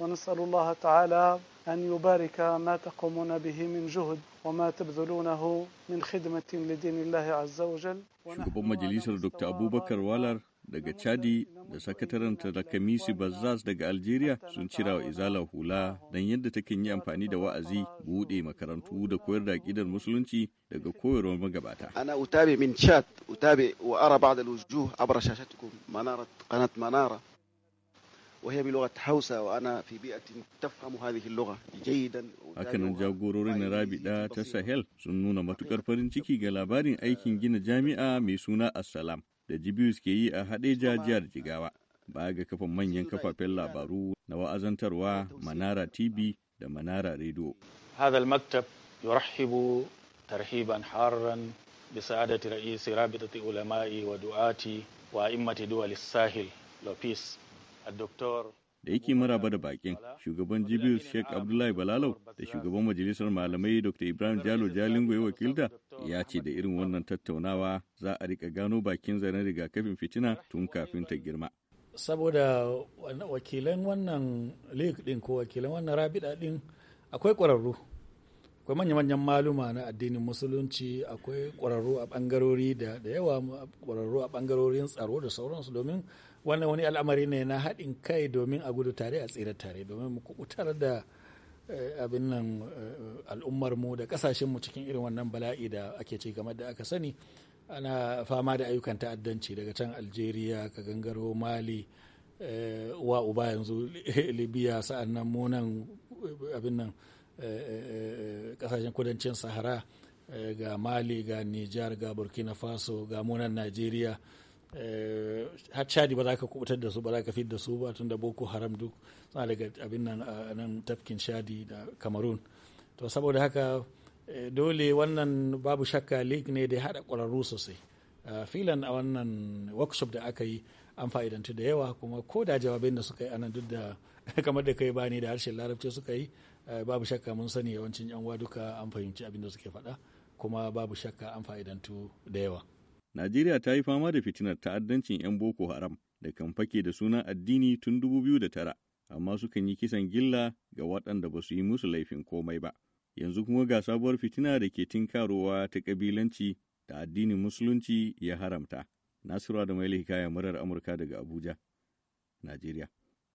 ونسأل الله تعالى أن يبارك ما تقومون به من جهد وما تبذلونه من خدمة لدين الله عز وجل shugaban majalisar dr abubakar walar daga chadi da sakataren da kamisi bazaz daga algeria sun cira wa izala hula don yadda takan yi amfani da wa'azi buɗe makarantu da koyar da aƙidar musulunci daga koyarwar magabata ana utabe min chat utabe wa ara ba'da al-wujuh abra shashatikum manara وهي بلغة حوسة وأنا في بيئة تفهم هذه اللغة جيدا أكن جاغورور نرابي دا تسهل سنونا متكر فرنشيكي غلاباري أيكين جينا da Jibius ke yi a haɗe jajiyar jigawa ba ga kafin manyan kafafen labaru na wa'azantarwa Manara TV da Manara rediyo. Hadal maktab yurahibu tarhiban haran bisa adati ra'isi rabitati ulama'i wa du'ati wa immati duwal sahil lafis da yake maraba da bakin shugaban jibius sheikh abdullahi balalau da shugaban majalisar malamai dr ibrahim jalo jalingo ya wakilta ya ce da irin wannan tattaunawa za a rika gano bakin zaren rigakafin fitina tun kafin ta girma saboda wakilan wannan league din ko wakilan wannan rabida din akwai kwararru akwai manya-manyan maluma na addinin musulunci akwai kwararru a bangarori da yawa kwararru a bangarorin tsaro da sauransu domin wannan wani al'amari ne na haɗin kai domin a gudu tare a tsira tare domin mu kubutar da eh, abin nan eh, al'ummar mu da kasashen mu cikin irin wannan bala'i da ake ci game da aka sani ana fama da ayyukan ta'addanci daga can algeria ka gangaro mali eh, wa uba yanzu libya sa'an nan munan abin nan kasashen kudancin sahara ga mali ga nijar ga burkina faso ga munan najeriya Eh, har chadi ba za ka kubutar da su ba za ka fid da su ba tun da boko haram duk suna daga abin nan a nan tafkin chadi da cameroon to saboda haka eh, dole wannan babu shakka league ne da ya haɗa ƙwararru sosai eh, filan a wannan workshop da aka yi an fa'idantu da yawa kuma ko da jawabin da suka yi anan duk da kamar da kai bani da harshen larabci suka yi babu shakka mun sani yawancin yan duka an fahimci abin da suke faɗa kuma babu shakka an fa'idantu da yawa Najeriya ta yi fama da fitinar ta'addancin 'yan Boko Haram da kan fake da suna addini tun 2009, amma sukan yi kisan gilla ga waɗanda ba su yi musu laifin komai ba. Yanzu kuma ga sabuwar fitina da ke tinkarowa ta ƙabilanci da addinin Musulunci ya haramta. Nasiru da Maili Hikaya murar Amurka daga Abuja, Najeriya.